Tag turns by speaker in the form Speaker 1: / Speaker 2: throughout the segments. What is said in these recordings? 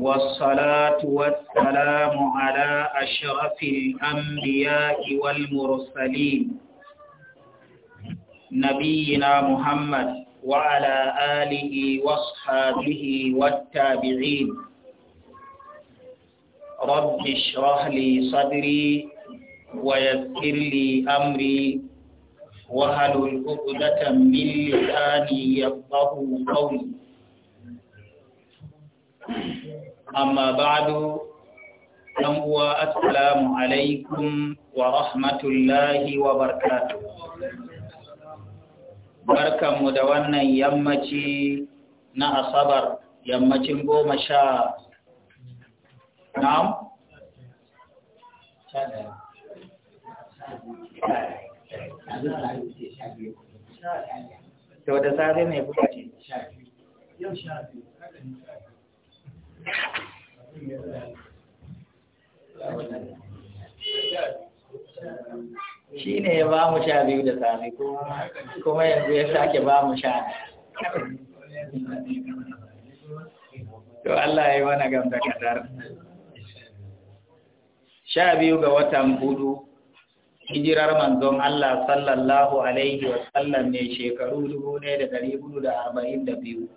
Speaker 1: والصلاة والسلام على أشرف الأنبياء والمرسلين نبينا محمد وعلى آله وصحابه والتابعين رب اشرح لي صدري ويسر لي أمري وهل الأقدة من لساني يفقه قولي أما بعد هو السلام عليكم ورحمة الله وبركاته بركة مدوانا يمتي na asabar yammacin goma sha na'am to da safe ne kuka ce shi ne ya ba mu sha biyu da sami kuma yanzu ya sake ba mu sha to Allah ya yi mana gamta kadar sha biyu ga watan hudu hijirar manzon Allah sallallahu alaihi wasallam ne shekaru dubu ne da dari hudu da arba'in da biyu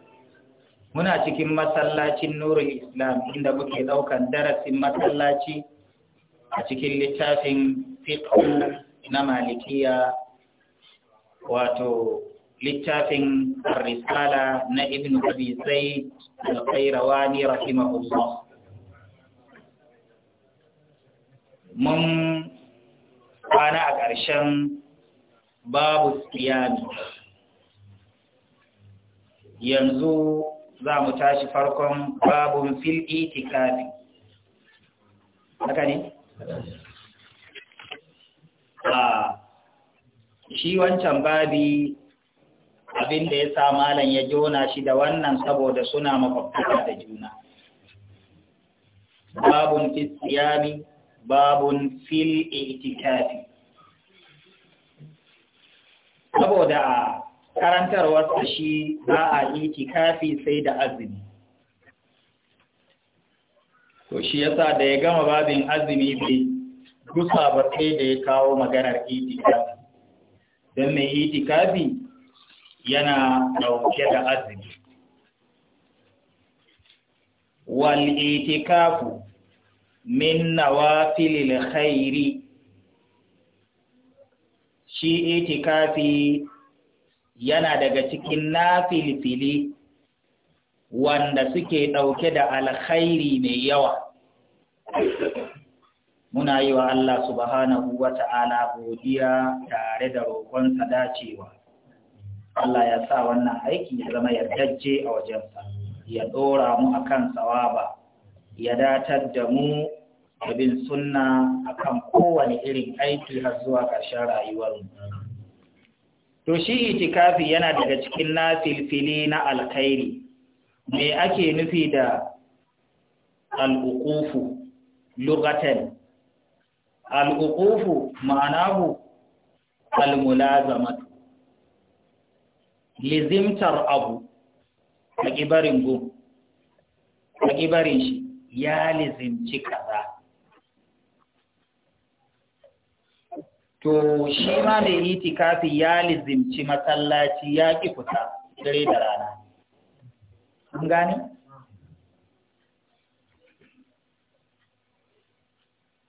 Speaker 1: muna cikin masallacin nuru islam inda muke daukan darasin masallaci a cikin littafin fiqh na malikiya wato littafin risala na ibn abi zaid al-qayrawani rahimahullah mun kwana a ƙarshen babu siyami yanzu za mu tashi farkon babun fil itikafi haka ne a shi wancan babi abin da ya sa malam ya jona shi da wannan saboda suna makwabtaka da juna babun fil siyami babun fil itikafi saboda karantarwarsa shi ba a itikafi sai da azumi to shi yasa da ya gama babin azumi bai gusa ba sai da ya kawo maganar itikafi don mai itikafi yana dauke da azumi wal itikafu min nawafilil khairi shi itikafi yana daga cikin nafilfili wanda suke ɗauke da alkhairi mai yawa muna yi wa Allah subhanahu wa ta'ala godiya tare da roƙonsa dacewa Allah ya sa wannan aiki ya zama yardajje a wajensa ya ɗora mu akan sawaba ya datar da mu abin sunna akan kowane irin aiki har zuwa ƙarshen mu to shi itikafi yana daga cikin nafilfili na alkhairi me ake nufi da al'ukufu lugatan al'ukufu, ma'anahu almulazamatu lizimtar abu a kibarin a shi ya lizimci kaza to shi ma mai itikafi ya lizimci masallaci ya ƙi fita dare da rana An gani?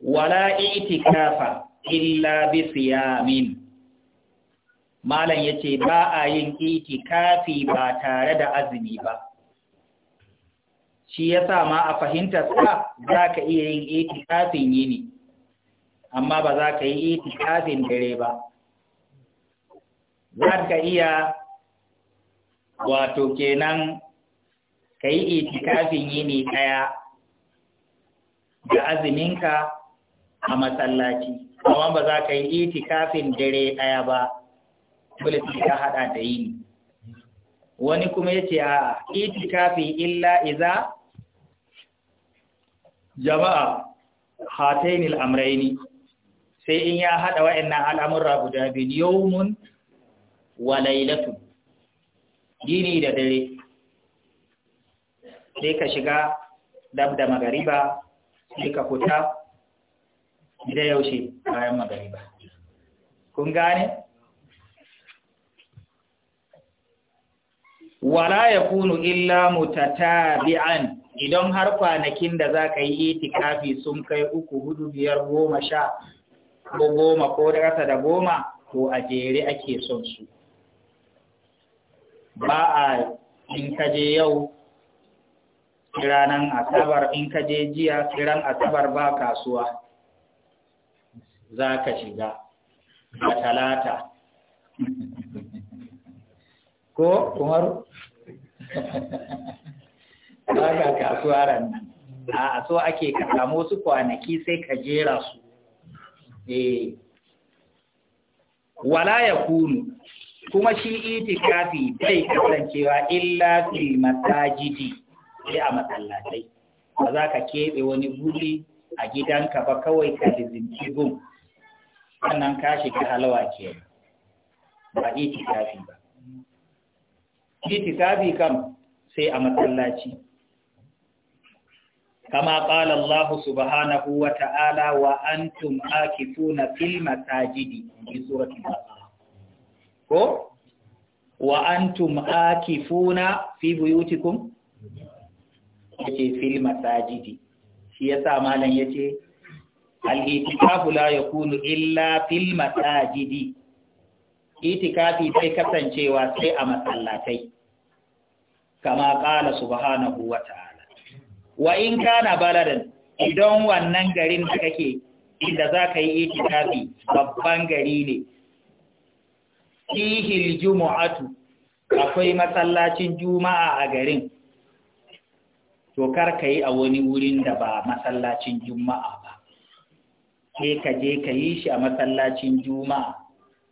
Speaker 1: wala itikafa illa bi siyamin malam ce ba a yin itikafi ba tare da azumi ba shi yasa ma a fahimtar sa zaka iya yin itikafin yini amma ba za ka yi itikafin dare ba za ka iya wato kenan ka yi itikafin yini ɗaya da aziminka a matsalaci amma ba za ka yi itikafin dare ɗaya ba dole sai ka haɗa da yini wani kuma ya ce a itikafi illa iza jama'a hatainil amraini sai in ya haɗa wa'annan al'amurra guda biyu mun wa lailatu gini da dare sai ka shiga dab da magariba sai ka fita da yaushe bayan magariba kun gane wala ya kunu illa mutatabi'an idan har kwanakin da za ka yi itikafi sun kai uku hudu biyar goma sha ko goma ko rasa da goma ko a jere ake son su ba a in kaje yau ranar asabar in kaje jiya ran asabar ba kasuwa za ka shiga a talata ko kumar ba ka kasuwa ran nan. a so ake ka samu su kwanaki sai ka jera su eh wala kunu kuma shi itikafi bai kasancewa illa fi masajidi sai a masallatai ba za ka keɓe wani guri a gidanka ba kawai ka lizinci gun wannan ka shiga halawa ke ba itikafi ba itikafi kam sai a masallaci kama qala Allah subhanahu wa ta'ala wa antum akifuna fil masajidi bi suratul baqara ko wa antum akifuna fi buyutikum yace fil masajidi shi yasa malam yace al-itikafu la yakunu illa fil masajidi itikafi bai kasancewa sai a masallatai kama qala subhanahu wa ta'ala wa in kana baladan idan wannan garin da kake inda za ka yi itikafi babban gari ne fihil jumu'atu akwai masallacin juma'a a garin to kar ka yi a wani wurin da ba masallacin juma'a ba sai ka je ka yi shi a masallacin juma'a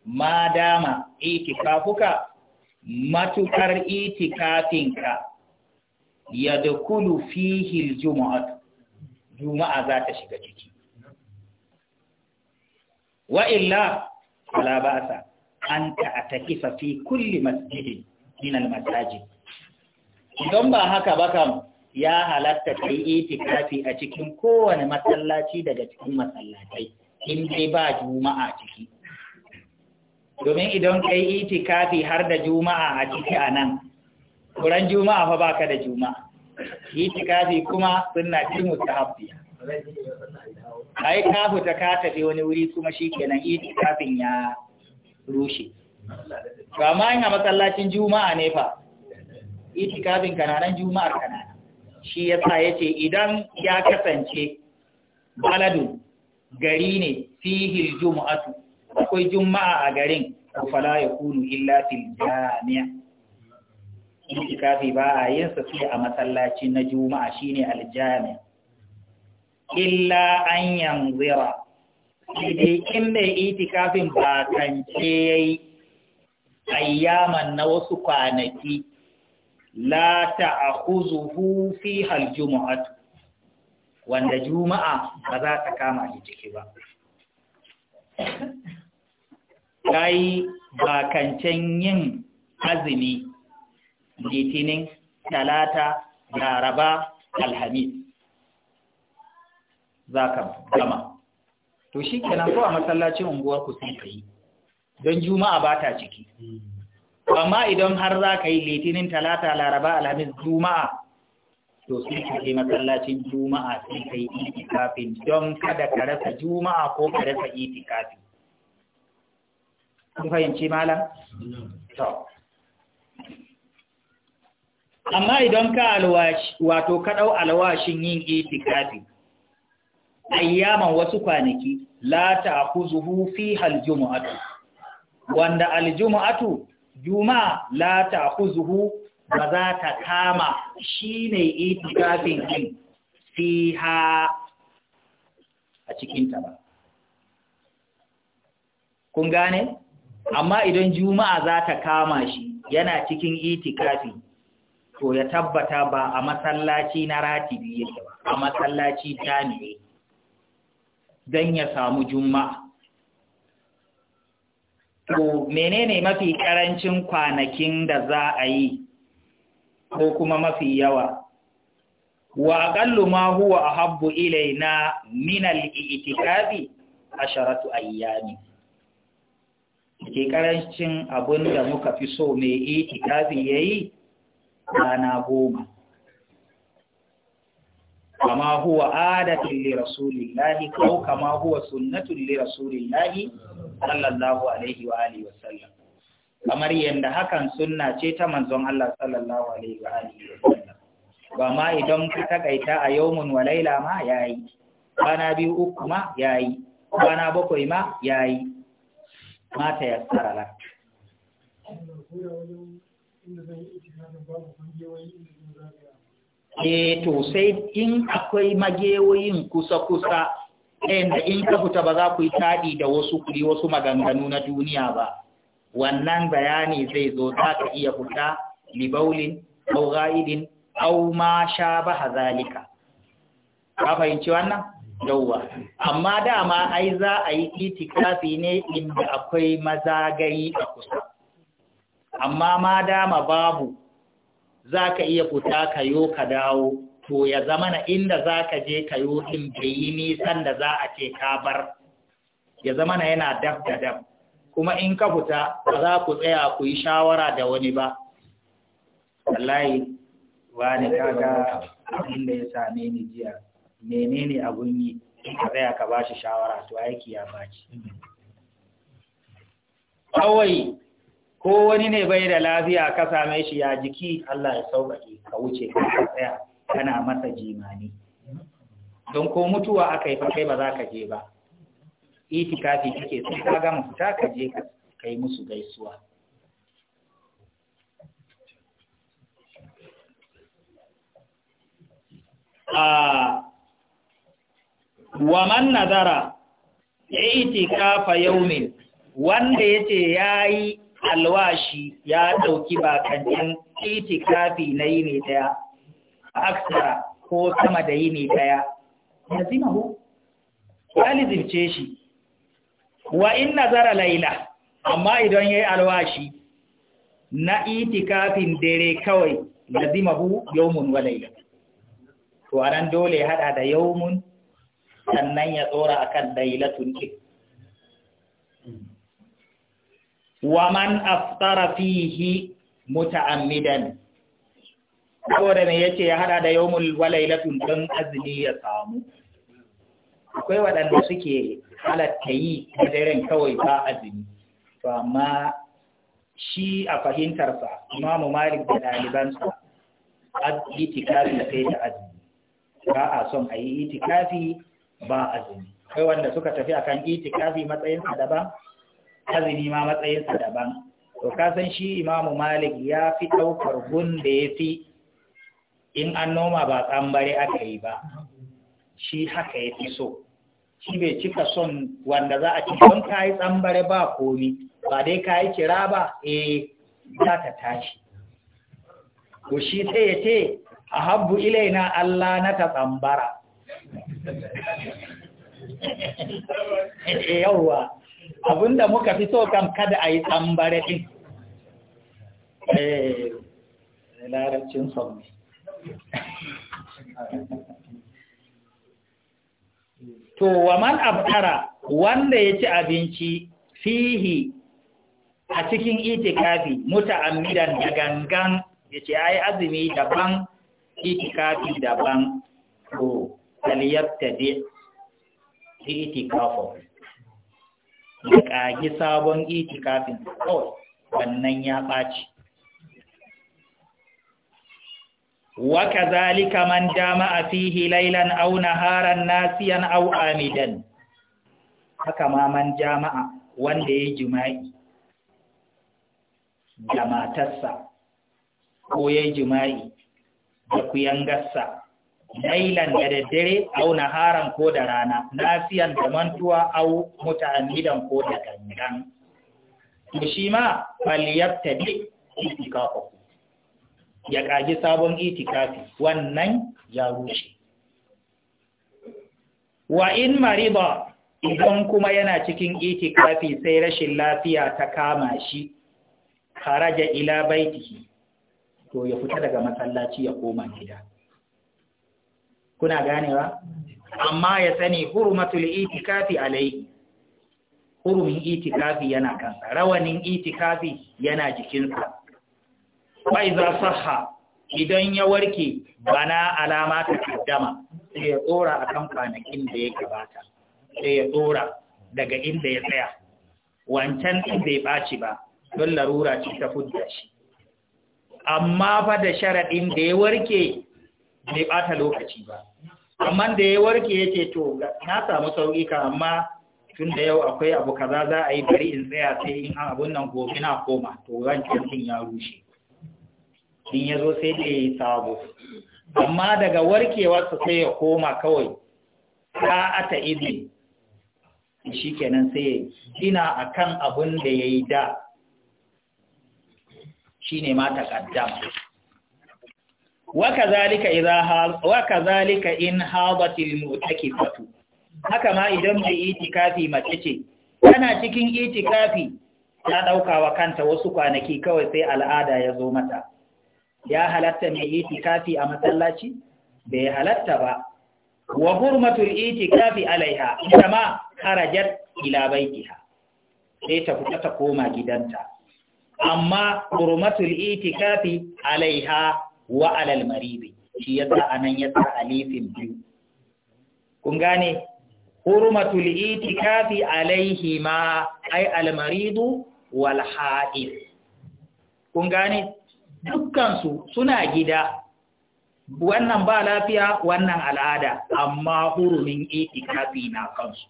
Speaker 1: ma dama itikafuka matukar itikafinka ya da kulu fihil juma'a juma'a za ta shiga ciki wa illa ala ba'sa an ta'takifa fi kulli masjidi min al-masajid idan ba haka ba kam ya halatta kai itikafi a cikin kowane masallaci daga cikin masallatai in dai ba juma'a ciki domin idan kai itikafi har da juma'a a ciki a nan Kuran juma'a fa ba ka da juma'a. kafi kuma sunna ce a Ai ka fita ka tafi wani wuri kuma shi shikenan kafin ya rushe. ba ma a masallacin juma'a ne fa kafin kananan juma'ar kanana. Shi yasa yace idan ya kasance baladu gari ne fihil juma'atu akwai juma'a a garin fala yakunu illa fil jami'a itikafi ba a yin sa sai a masallaci na juma'a shine aljami illa an yanzira sai in mai itikafin ba kance yayi ayyaman na wasu kwanaki la ta'khuzuhu fi juma'at wanda juma'a ba za ta kama shi ciki ba kai ba kancen yin azumi litinin talata laraba alhamis za ka gama to shi kenan ko a masallacin unguwar ku sai ka yi don juma'a ba ta ciki amma idan har za ka yi litinin talata laraba alhamis juma'a to sai ka je masallacin juma'a sai ka yi itikafin don kada ka rasa juma'a ko ka rasa itikafi kun fahimci malam? to amma idan ka alwashi wato ka dau alwashin yin itikafi ayyaman wasu kwanaki la ta'khuzuhu fiha aljum'atu wanda aljum'atu juma'a la ta'khuzuhu ba za ta kama shine itikafin din ha a cikin ta ba kun gane amma idan juma'a za ta kama shi yana cikin itikafi to ya tabbata ba a masallaci na ratibi yake ba a masallaci jami'i don ya samu juma'a to menene mafi karancin kwanakin da za a yi ko kuma mafi yawa wa aqallu ma huwa ahabbu ilaina min al-i'tikafi asharatu ayyami ke karancin abinda muka fi so mai itikafi yayi rana goma kama huwa adatun li rasulillahi ko kama huwa sunnatun li rasulillahi sallallahu alaihi wa alihi wa sallam kamar yadda hakan sunna ce ta manzon Allah sallallahu alaihi wa alihi wa sallam ba ma idan ku takaita a yawmun wa laila ma yayi kwana biyu uku ma yayi kwana bakwai ma yayi mata yassara la Eh to sai in akwai magewoyin kusa-kusa da in ka fita ba za ku yi taɗi da wasu kuri wasu maganganu na duniya ba, wannan bayani zai zo za ka iya fita libaulin, au ra'idin, au ma sha ba hazalika. Ka fahimci wannan? Yauwa, amma dama ai za a yi itikafi ne inda akwai mazagayi a kusa. amma ma dama babu za ka iya fita ka yo ka dawo to ya zama na inda za ka je ka yo ɗin bai nisan da za a ce ka bar ya zama na yana dab da dab kuma in ka fita ba za ku tsaya ku yi shawara da wani ba wallahi ba ka ga abin da ya same ni jiya menene abun yi ka tsaya ka ba shi shawara to aiki ya ci kawai ko wani ne bai da lafiya ka same shi ya jiki Allah ya sauƙaƙe ka wuce ka tsaya kana masa jimani don ko mutuwa aka yi kai ba za ka je ba itikafi kake sun ka gama fita ka je ka yi musu gaisuwa a wa man nazara itikafa yaumin wanda yace yayi alwashi ya ɗauki bakantin itikafi na yi ne ɗaya, aksara ko sama da yi ne ɗaya, ya zimahu, ya shi, wa in nazara laila, amma idan ya yi alwashi na itikafin dare kawai, ya zimahu mun wa laila. Tuwanan dole ya haɗa da mun? sannan ya tsora akan lailatun wa man aftara fihi muta'ammidan saboda me yace ya hada da yawmul walailatin dan azumi ya samu akwai waɗanda suke halatta yi da daren kawai ba azumi to amma shi a fahimtar fahimtarsa imamu malik da ɗalibansa itikafi sai da azumi ba a son a yi itikafi ba azumi akwai wanda suka tafi akan itikafi matsayinsa daban azumi ma matsayinsa daban to kasan shi imamu malik ya fi ɗaukar gun da ya fi in an noma ba tsambare aka yi ba shi haka ya fi so shi bai cika son wanda za a ci don ka yi tsambare ba komi ba dai ka yi kira ba eh za ka tashi ko shi sai ya ce a habbu ilaina Allah na ta tsambara eh, yawwa abinda muka fi so kam kada a yi tambare ɗin eh, eh larabcin sauni to wa man abtara wanda ya ci abinci fihi a cikin itikafi amidan da gangan ya ce ai azumi daban itikafi daban to kaliyar tabi itikafi ya ƙagi sabon itikafin kawai wannan ya ɓaci wa kazalika man jama'a fihi laylan aw naharan nasiyan au amidan haka ma man jama'a wanda ya jima'i da matarsa ko ya jima'i da kuyangarsa lailan da daddare au naharan ko da rana lafiyan da mantuwa au muta'ammidan ko da gangan to shi ma falyabtadi itikafu ya kaji sabon itikafi wannan ya rushe wa in mariba idan kuma yana cikin itikafi sai rashin lafiya ta kama shi kharaja ila baitihi to ya fita daga masallaci ya koma gida kuna ganewa amma ya sani hurumatul itikafi alai hurumin itikafi yana kansa rawanin itikafi yana jikinsa bai za saha idan ya warke bana alama ta kaddama sai ya tsora akan kwanakin da ya gabata sai ya tsora daga inda ya tsaya wancan din bai baci ba don larura ce ta fudda shi amma fa da sharaɗin da ya warke bai bata lokaci ba amma da ya warke ya ce to na samu sauƙi ka amma tun da yau akwai abu kaza za a yi bari in tsaya sai in an abun nan gobe na koma to ran din ya rushe in ya zo sai da ya yi sabo amma daga su sai ya koma kawai ata izi shi kenan sai gina akan abun da ya yi da shi ne ma takaddama wakazalika idza wakazalika in hadatil fatu? haka ma idan mai itikafi mace ce tana cikin itikafi ta ɗaukawa wa kanta wasu kwanaki kawai sai al'ada ya zo mata ya halatta mai itikafi a masallaci bai halatta ba wa gurmatul itikafi alaiha ita ma harajar ila sai ta fita ta koma gidanta amma hurmatul itikafi alaiha wa alal maridi shi yasa anan yasa alifin biyu kun gane hurmatul itikafi alaihi ma ai al maridu wal ha'id kun gane dukkansu suna gida wannan ba lafiya wannan al'ada amma hurumin itikafi na kansu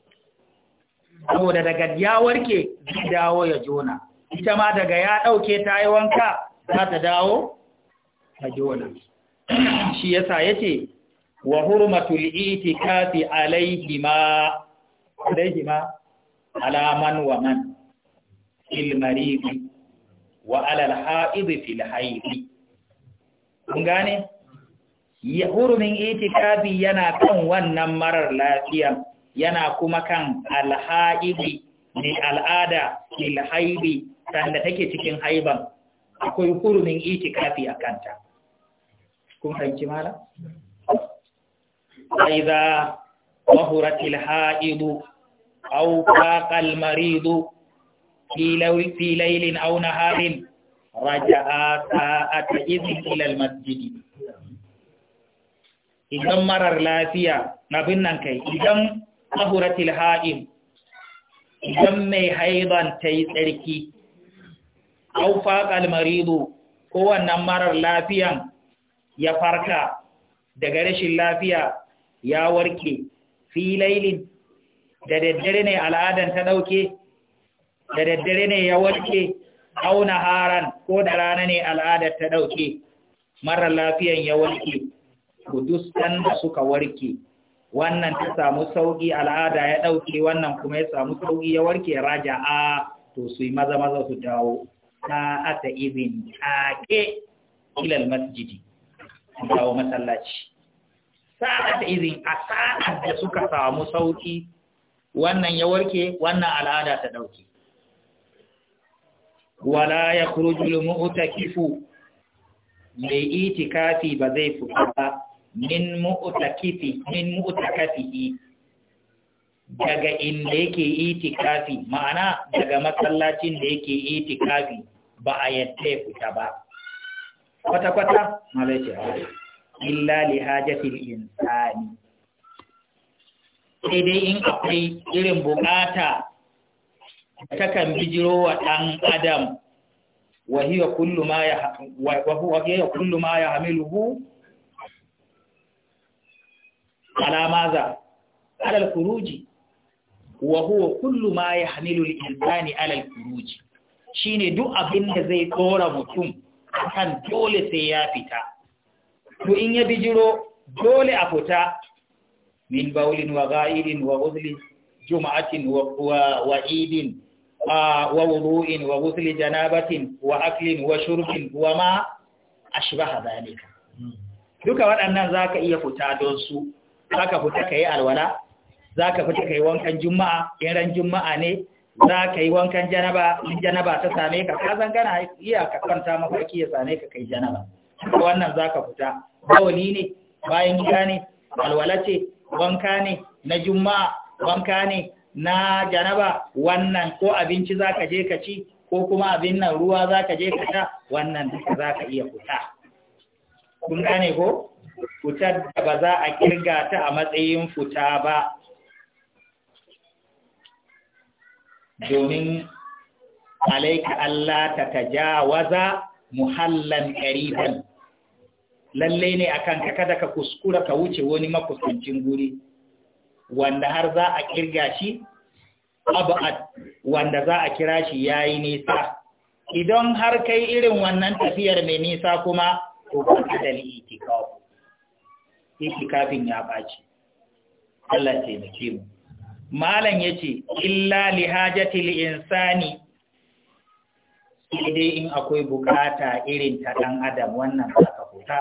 Speaker 1: saboda daga ya warke zai dawo ya jona ita ma daga ya ɗauke tayi wanka za ta dawo haji wannan shi yasa yace wa hurmatul itikafi alaihima alaihima ala man wa man fil maridi wa ala al-haid fil haid kun gane ya hurumin itikafi yana kan wannan marar lafiya yana kuma kan alhaidi ni al'ada fil haid sanda take cikin haiban akwai hurumin itikafi a kanta kun fahimci mala aiza wahuratil ha'idu aw qaqal maridu fi laylin aw naharin raja'a sa'ata idhin ila al masjid idan marar lafiya na binnan kai idan wahuratil ha'id idan mai haiban ta yi tsarki, au faƙal marido ko wannan marar lafiyan ya farka daga rashin lafiya ya warke filailin da daddare ne al'adan ta dauke da daddare ne ya warke auna haran ko da rana ne al'adar ta ɗauke mara lafiyan ya warke kudustan da suka warke wannan ta samu sauƙi al'ada ya ɗauke wannan kuma ya samu sauƙi ya warke raja a to su yi maza maza su dawo ta ata izin ke ilal masjidi dawo masallaci sa'ad irin a sa'ad da suka samu sauki wannan ya warke wannan al'ada ta dauke wala ya khurujul mu'takifu mai itikafi ba zai fita ba min mu'takifi min mu'takafi daga inda yake itikafi ma'ana daga masallacin da yake itikafi ba a yadda ya fita ba kwata-kwata malaysia illa li hajatil insani sai dai in akwai irin bukata ta kan bijiro wa ɗan adam wa hiya ma ya wa hiya kullu ma ya hamiluhu ala maza ala al-khuruji wa huwa ma ya hamilu al-insani ala al-khuruji shine duk abin da zai tsora mutum akan dole sai ya fita to in ya bijiro dole a fita min baulin wa ga'idin wa uzlin juma'atin wa idin wa wudu'in wa gusli janabatin wa aklin wa shurbin wa ma ashbaha dhalika duka waɗannan zaka iya fita don su zaka fita kai alwala zaka fita kai wankan juma'a yaran juma'a ne za ka yi wankan janaba janaba ta same ka ka zangana iya ka kwanta mafarki ya same ka kai janaba wannan za ka fita bawani ne bayan gida ne walwala wanka ne na juma'a wanka ne na janaba wannan ko abinci za ka je ka ci ko kuma abin nan ruwa za ka je ka sha wannan duka za ka iya fita. Kun gane ko? Fitar da ba za a kirga ta a matsayin fita ba, domin alaika Allah ta tajawaza muhallan ƙariban lallai ne akan ka kada ka kuskura ka wuce wani makusancin guri wanda har za a kirga shi wanda za a kira shi ya yi nisa idan har kai irin wannan tafiyar mai nisa kuma ko ba ka da itikafin ya ɓaci Allah taimake mu malam ya ce, illa li li insani sai in akwai bukata irin ta ɗan adam wannan ka fita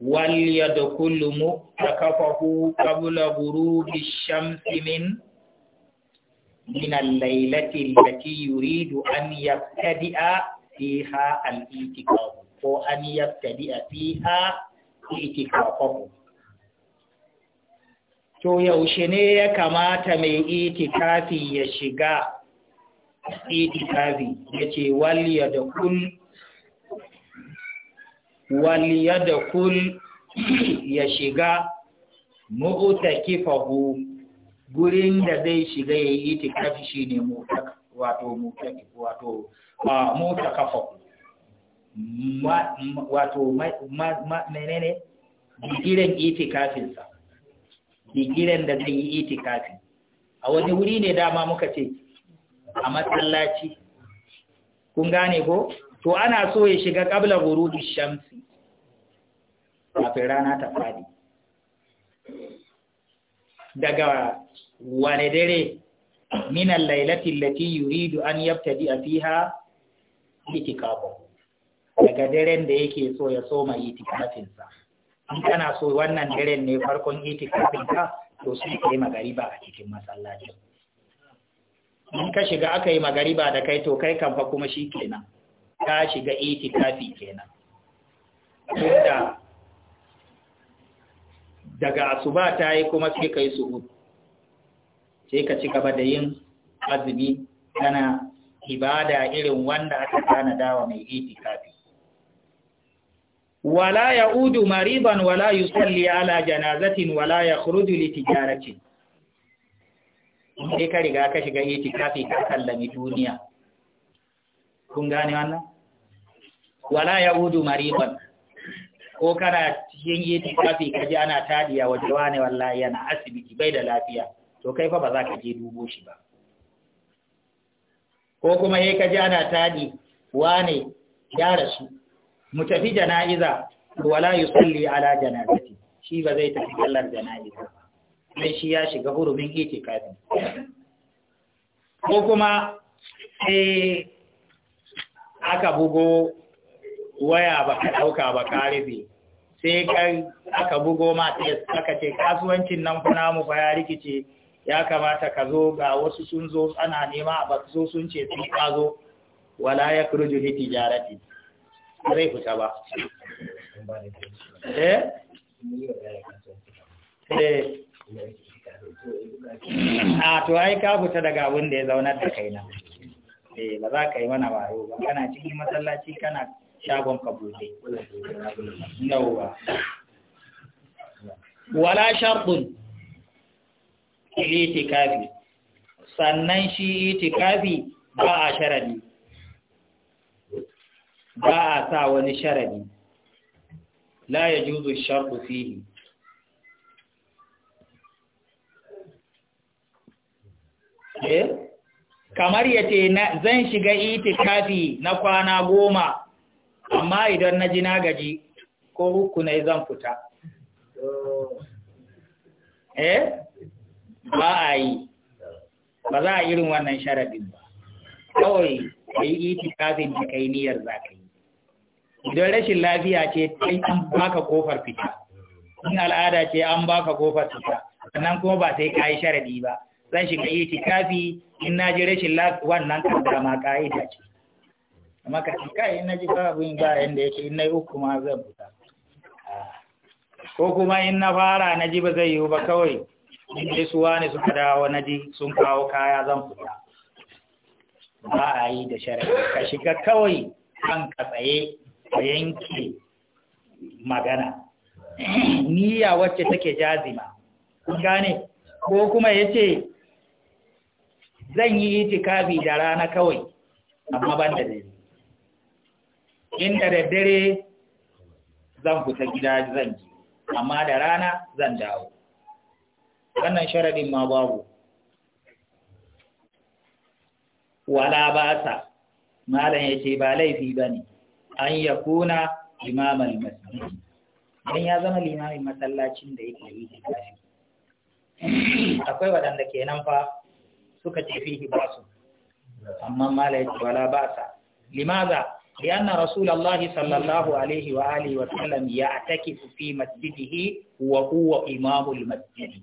Speaker 1: wal yadkhul kabla qabla ghurubi shamsi min min al-lailati allati yuridu an yabtadi'a fiha al-itikaf ko an yabtadi'a fiha itikafahu to yaushe ne ya kamata mai itikafi ya shiga itikafi ya ce waliya da kul da ya shiga Kifahu, gurin da zai shiga ya yi itikafi shi ne wato wato mutakafahu wato menene gidan itikafinsa bigiren da zai yi itikafi a wani wuri ne dama muka ce a matsalaci kun gane ko to ana so ya shiga ƙabla gurudu shamsi kafin rana ta faɗi daga wane dare min al-lailati allati yuridu an yabtadi fiha itikafi daga daren da yake so ya soma itikafinsa in kana so wannan daren ne farkon itikafin ka to sai ka magariba a cikin masallacin in ka shiga aka yi magariba da kai to kai kamfa kuma shi kenan ka shiga itikafi kenan tunda daga asuba ta yi kuma sai ka yi sai ka ci gaba da yin azumi kana ibada irin wanda aka tana dawa mai itikafi wala Udu mariban wala yusalli ala janazatin wala yakhruju li tijaratin sai ka riga ka shiga kafi ka kallami duniya kun gane wannan wala Udu mariban ko kana cikin itikafi ka ji ana tadiya wa ne wallahi yana asibiti bai da lafiya to kai fa ba za ka je dubo shi ba ko kuma yi ka ji ana tadi wane ya rasu mu tafi jana'iza wala tsalli ala jana'izati, shi ba zai tafi kallar jana'iza sai shi ya shiga hurumin kafin. ko kuma sai aka bugo waya ba ka ɗauka ba ka rufe sai aka bugo ma aka ce kasuwancin nan kuna mu fa ya rikice ya kamata ka zo ga wasu sun zo ana nema a su zo sun ce sun ka zo wala ya kuruju ni tijarati zai fita ba eh eh a ah, to ai ka fita daga abin da ya zauna da kai na eh ba za ka yi mana wayo ba kana cikin masallaci kana shagon ka bude yawwa wala shartun itikafi sannan shi itikafi ba a sharadi ba a sa wani sharadi la ya juzo sharɗu fihi eh? kamar ya ce zan shiga iti itikafi na kwana goma amma idan na ji nagaji, gaji ko hukunai zan fita eh ba a yi ba za a irin wannan sharadin ba kawai ka yi itikafin da kai niyar za ka yi idan rashin lafiya ce kai an baka kofar fita in al'ada ce an baka kofar fita sannan kuma ba sai kayi sharadi ba zan shiga tikafi in na ji rashin lafiya wannan kan dama ka'ida ce amma ka kai in na ji babu yin ba yanda yake in na yi uku ma zan fita ko kuma in na fara na ji ba zai yiwu ba kawai in dai su wani suka dawo na ji sun kawo kaya zan fita ba a yi da sharadi ka shiga kawai kan ka tsaye a yanke magana niyya wacce take jazima gane ko kuma ya ce zan yi itikafi da rana kawai amma ban da dare inda da dare zan fita gida zan ji amma da rana zan dawo wannan sharadin ma babu wala ba sa malam ya ce ba laifi ba ne an yakuna imaman masjid dan ya zama limamin masallacin da yake yi itikafi akwai waɗanda kenan fa suka ce fihi basu amma mala wala ba'sa limaza لأن رسول الله صلى الله عليه وآله وسلم يعتكف في مسجده وهو إمام masjid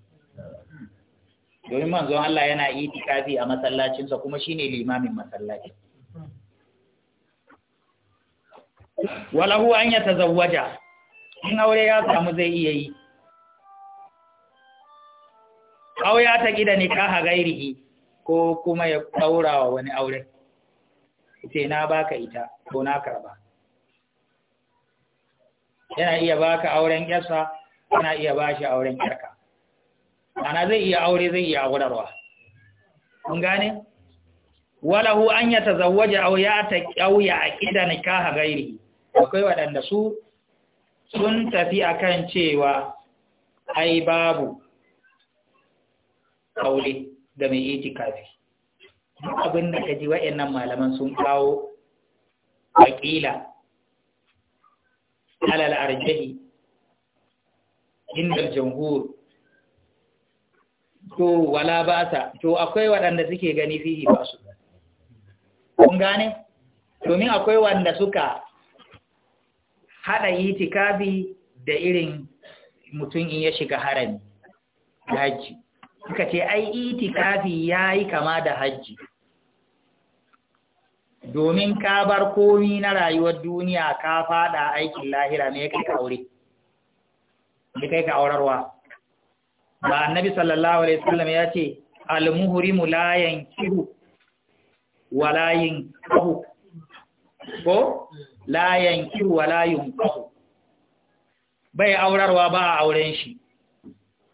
Speaker 1: domin manzon Allah yana itikafi a masallacinsa kuma shine limamin masallacin walahu an ya tazawwaja in aure ya samu zai iya yi aw ya ta gida nikaha gairihi ko kuma ya daura wa wani aure sai na baka ita ko na karba yana iya baka auren yarsa yana iya bashi auren yarka ana zai iya aure zai iya gudarwa kun gane walahu an ya tazawwaja aw ya ta aw ya aqida nikaha gairihi akwai waɗanda su sun tafi akan cewa ai babu kaule ga mai itikafi abin da kaji nan malaman sun kawo wakila alal arjahi inda jamhur to wala ba sa to akwai waɗanda suke gani fihi ba su kun gane domin akwai wanda suka haɗa itikafi da irin mutum in ya shiga harami hajji suka ce ai itikafi ya yi kama da hajji domin ka bar komi na rayuwar duniya ka fada aikin lahira ne kai ka aure ne kai ka aurarwa ba annabi sallallahu alaihi wasallam ya ce almuhrimu la yankihu wala yankahu ko la yankihu wa la bai aurarwa ba a auren shi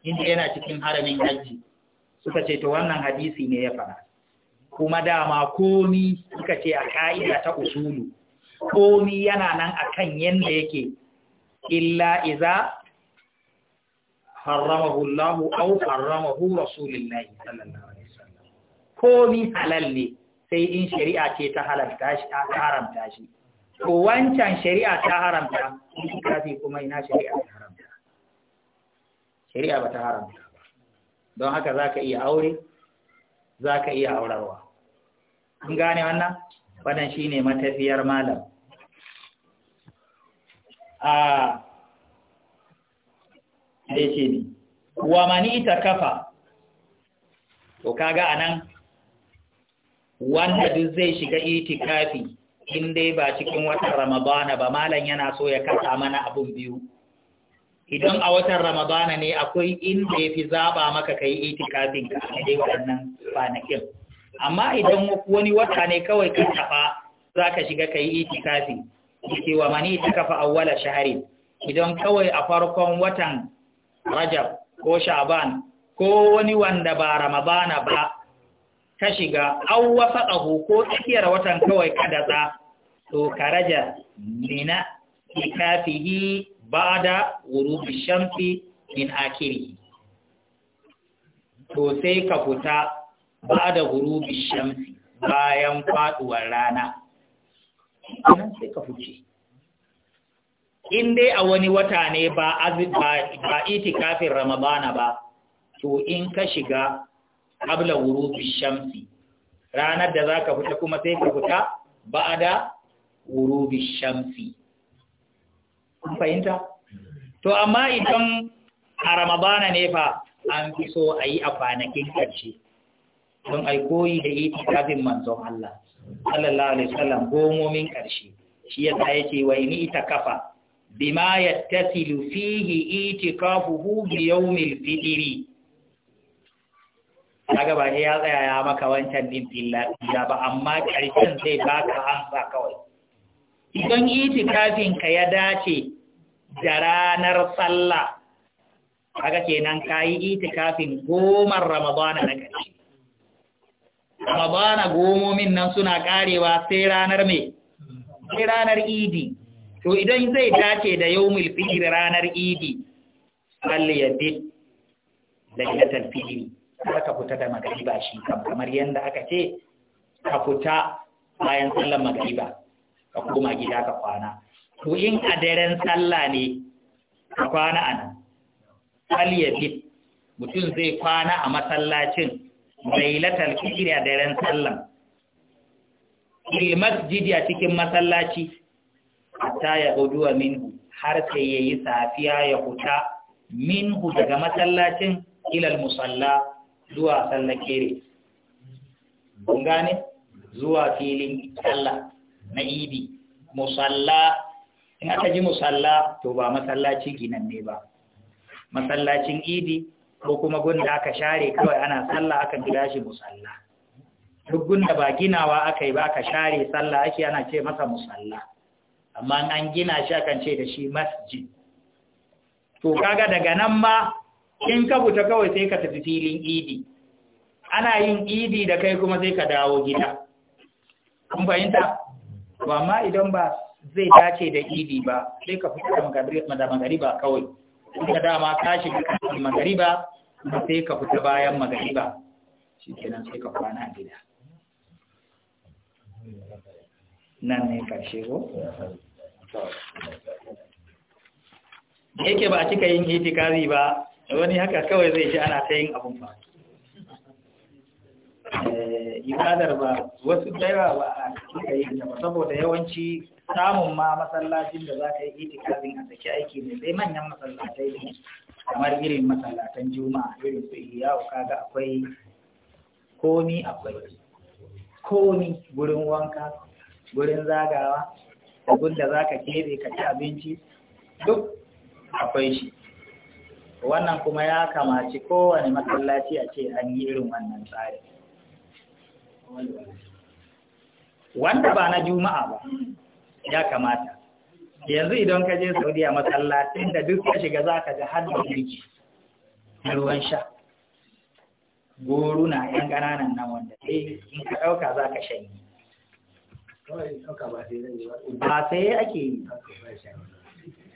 Speaker 1: inda yana cikin haramin haji suka ce to wannan hadisi ne ya fara kuma dama komi suka ce a ka'ida ta usulu komi yana nan akan yanda yake illa iza haramahu Allah aw haramahu Rasulullah sallallahu alaihi wasallam komi halal ne sai in shari'a ce ta halalta shi ta haramta shi to wancan shari'a ta haramta littafi kuma ina shari'a ta haramta shari'a ba ta haramta ba don haka za ka iya aure za ka iya aurarwa an gane wannan wannan shi ne matafiyar malam a da ce ne wa mani ita kafa to kaga anan wanda duk zai shiga itikafi in dai ba cikin watan ramadana ba malam yana so ya kasa mana abun biyu idan a watan ramadana ne akwai inda ya fi zaba maka kai itikafin ka a dai waɗannan kwanakin amma idan wani wata ne kawai ka tafa za ka shiga kai itikafi ke wa mani ta kafa awwala shaharin idan kawai a farkon watan rajab ko sha'ban ko wani wanda ba ramadana ba ka shiga au wasa ɗahu ko tsakiyar watan kawai ka datsa to ka raja mina ikafihi da wurubi shamsi min akiri to sai ka fita ba da wurubi shamsi bayan faɗuwar rana nan sai ka fuce in dai a wani wata ne ba ba itikafin ramadana ba to in ka shiga abla ghurubi shamsi ranar da zaka fita kuma sai ka fita ba'ada ghurubi shamsi kun fahimta to amma idan a ramadana ne fa an fi so a yi a kwanakin ƙarshe don a koyi da yi tafin manzon Allah sallallahu alaihi wasallam gomomin ƙarshe shi ya sa yace wa ita kafa bima yattasilu fihi itikafuhu bi yawmil fitri kaga ba ya tsaya ya maka wancan din filla ba amma ƙarshen zai baka amsa kawai idan itikafin ka ya dace da ranar sallah kaga kenan kayi itikafin gomar ramadana na ƙarshe ramadana gomomin nan suna karewa sai ranar me sai ranar idi to idan zai dace da yawmul fitr ranar idi salli da lailatul fitr ka fita da magariba shi kamar yadda aka ce ka fita bayan sallar magariba ka koma gida ka kwana to in a daren sallah ne ka kwana a ya bi mutum zai kwana a masallacin lailatul kiri a daren salla fil masjidi a cikin masallaci hatta ya guduwa minhu har sai yayi safiya ya huta minhu daga masallacin ilal musalla zuwa sallar kere kun gane zuwa filin sallah na idi musalla in aka ji musalla to ba masallaci ginan ne ba masallacin idi ko kuma gunda aka share kawai ana sallah aka kira shi musalla duk gunda ba ginawa aka yi ba aka share sallah ake ana ce masa musalla amma an gina shi akan ce da shi masjid to kaga daga nan ma in ka buta kawai sai ka tafi filin idi ana yin idi da kai kuma sai ka dawo gida kun fahimta ba ma idan ba zai dace da idi ba sai ka fita da magariba kawai ka dama ka shiga kafin magariba sai ka fita bayan magariba shi kenan sai ka kwana gida nan ne karshe ko? yake ba a cika yin itikari ba wani haka kawai zai shi ana ta yin abin ba eh, ibadar ba wasu daiwa ba a kika yi ba saboda yawanci samun ma masallacin da za ka yi itikafin a saki aiki ne sai manyan masallatai ne kamar irin masallatan juma'a irin su iya kaga akwai komi akwai komi gurin wanka gurin zagawa abin da za ka kebe ka ci abinci duk akwai shi wannan kuma ya kamaci kowane matsalaci a ce an yi irin wannan tsari wanda ba na juma'a ba ya kamata yanzu idan ka je saudiya matsalacin da duk ka shiga za ka ga hannun birki na ruwan sha goruna yan ƙananan nan wanda sai in ka ɗauka za ka shanyi ba sai ake yi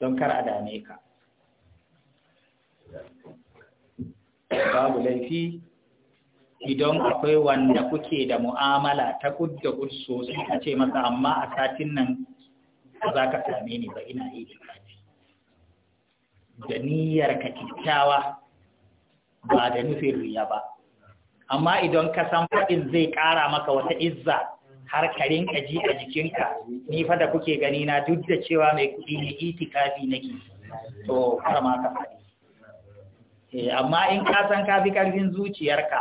Speaker 1: don kar a dame ka babu laifi idan akwai wanda kuke da mu'amala ta kudda kud sosai a ce masa amma a satin nan za ka same ni ba ina yi da niyyar ka kyakkyawa ba da nufin riya ba amma idan ka san faɗin zai ƙara maka wata izza har ka rinka ji a jikinka ni fa da kuke gani na duk da cewa mai kuɗi ne itikafi nake to har ma ka faɗi eh, amma in ka san ka fi ƙarfin zuciyarka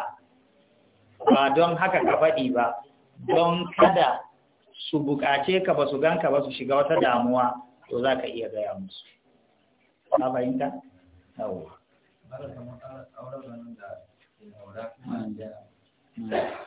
Speaker 1: ba don haka ka faɗi ba don kada su buƙace ka ba su ganka ba su shiga wata damuwa to za ka iya gaya musu ka fahimta? yawwa ba da kamar auren da da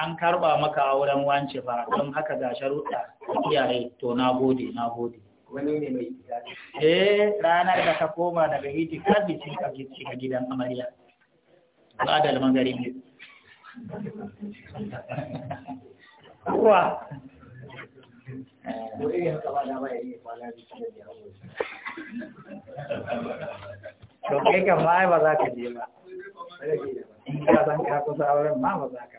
Speaker 1: an karba maka auren wance ba, don haka ga sharuɗa iyaye to na gode na gode eh ranar da ka koma daga hiti kabi cin ka a gidan amarya ba da magari ne kuwa to eh, kai kan ma ba za ka je ba in ka san ka kusa auren ma ba za ka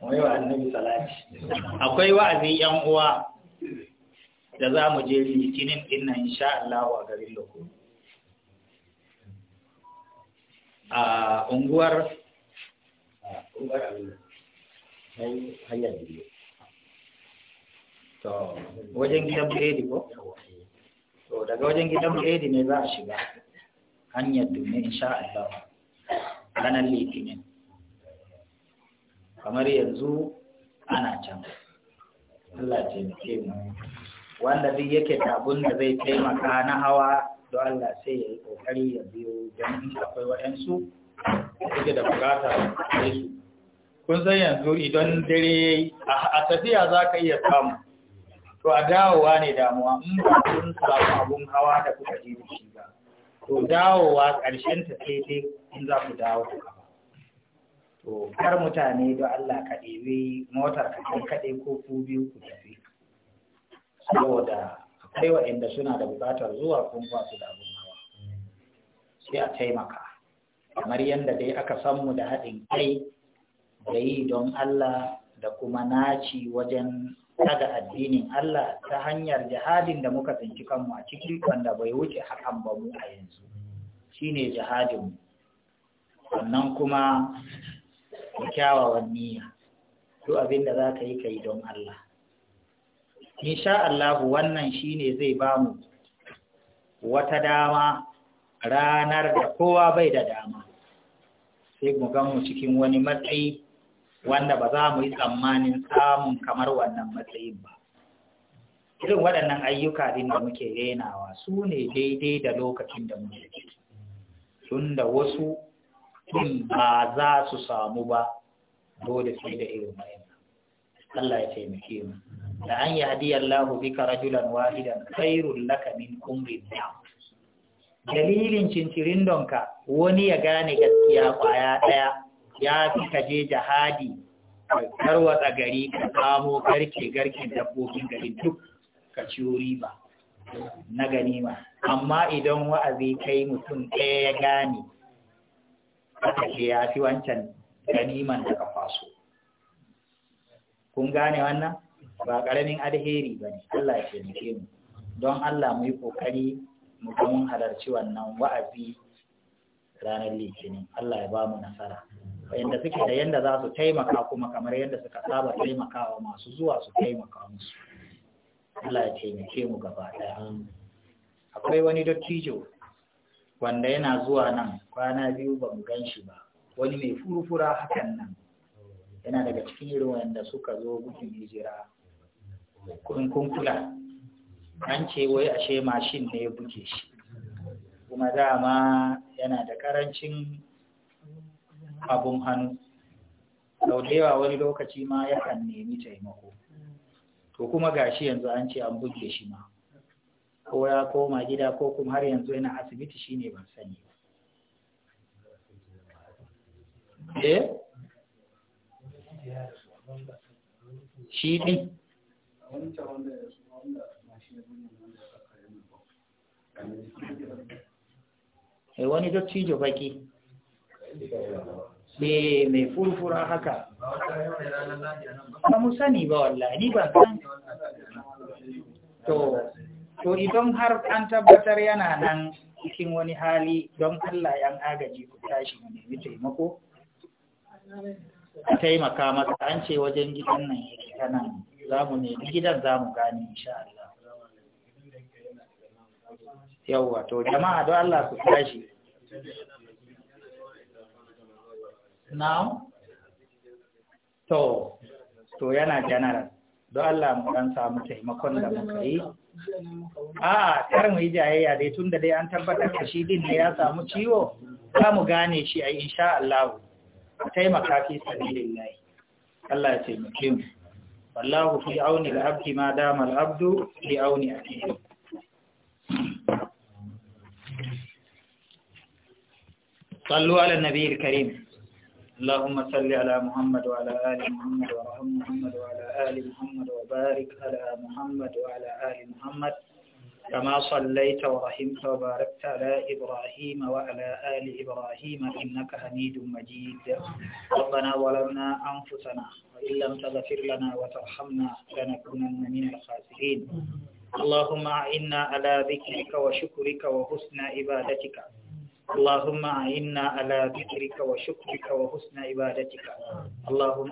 Speaker 1: wai wa annabi salati akwai wa'azin yan uwa da za mu je litinin din insha Allah a garin Loko a unguwar hanyar biyu to wajen gidan Bredi ko to daga wajen gidan Bredi ne za a shiga hanyar domin insha Allah ranar litinin kamar yanzu ana can Allah ce mu wanda duk yake da abun da zai taimaka na hawa don Allah sai ya yi kokari ya biyo don akwai waɗansu suke da bukata da su kun san yanzu idan dare a tafiya za ka iya samu to a dawowa ne damuwa in ba kun samu abun hawa da kuka je da shi ba to dawowa ƙarshen ta sai dai in za ku dawo kuka. to kar mutane don Allah ka ɗebe motar ka kaɗe ko ku biyu ku tafi saboda akwai waɗanda suna da buƙatar zuwa kun ba su da abin hawa sai a taimaka kamar yadda dai aka san mu da haɗin kai da yi don Allah da kuma naci wajen daga addinin Allah ta hanyar jihadin da muka tsinci kanmu a ciki wanda bai wuce hakan ba mu a yanzu shine jihadin sannan kuma da kyawawan niyya duk abin da za ka yi ka yi don Allah insha Allah wannan shine zai ba mu wata dama ranar da kowa bai da dama sai mu gan mu cikin wani matsayi wanda ba za mu yi tsammanin samun kamar wannan matsayin ba irin waɗannan ayyuka din da muke renawa su ne daidai da lokacin da muke tun da wasu ɗin ba za su samu ba dole sai da irin wayannan Allah ya taimake mu da an yahdi Allahu bika rajulan wahidan khairul laka min umrin dalilin cincirin donka wani ya gane gaskiya kwaya ɗaya ya fi ka je jihadi karwatsa gari ka kamo garke garken dabbobin gari duk ka ciyo riba na ganima amma idan wa'azi kai mutum ɗaya ya gane aka ce ya fi wancan ganiman da ka faso kun gane wannan ba ƙaramin alheri ba ne Allah ya taimake mu don Allah mu yi ƙoƙari mu ga mun halarci wannan wa'azi ranar litinin Allah ya ba mu nasara wanda suke da yanda za su taimaka kuma kamar yadda suka saba taimakawa masu zuwa su taimaka musu Allah ya taimake mu gaba ɗaya akwai wani dattijo wanda yana zuwa nan kwana biyu ba mu gan shi ba wani mai furfura hakan nan yana daga cikin irin wanda suka zo gudun hijira kun kula an ce wai ashe mashin ne ya buke shi kuma dama yana da karancin abun hannu sau da yawa wani lokaci ma yakan nemi taimako to kuma gashi yanzu an ce an buge shi ma ko ya koma gida ko kuma har yanzu yana asibiti shine ban sani eh shi ne eh, wani dattijo baki mai furfura haka ba mu sani ba wallahi ni ba san to to idan har an tabbatar yana nan cikin wani hali don Allah yan agaji ku tashi mu nemi taimako taimaka masa an ce wajen gidan nan yake tana nan za mu ne gidan za mu gane insha Allah yawwa to jama'a don Allah su tashi now to to yana general don Allah mu dan samu taimakon da muka yi Ah, kar mu yi jayayya dai tunda dai an tabbatar da shi din ne ya samu ciwo za mu gane shi a insha Allah a taimaka fi sabilin lai Allah ya taimake mu wallahu fi auni al'abdi ma dama al'abdu fi auni a kiri sallu ala nabiyar karim اللهم صل على محمد وعلى آل محمد وعلى محمد وعلى آل محمد وبارك على محمد وعلى آل محمد كما صليت ورحمت وباركت على إبراهيم وعلى آل إبراهيم إنك حميد مجيد ربنا ظلمنا أنفسنا وإن لم تغفر لنا وترحمنا لنكونن من الخاسرين اللهم أعنا على ذكرك وشكرك وحسن عبادتك اللهم أعنا على ذكرك وشكرك وحسن عبادتك اللهم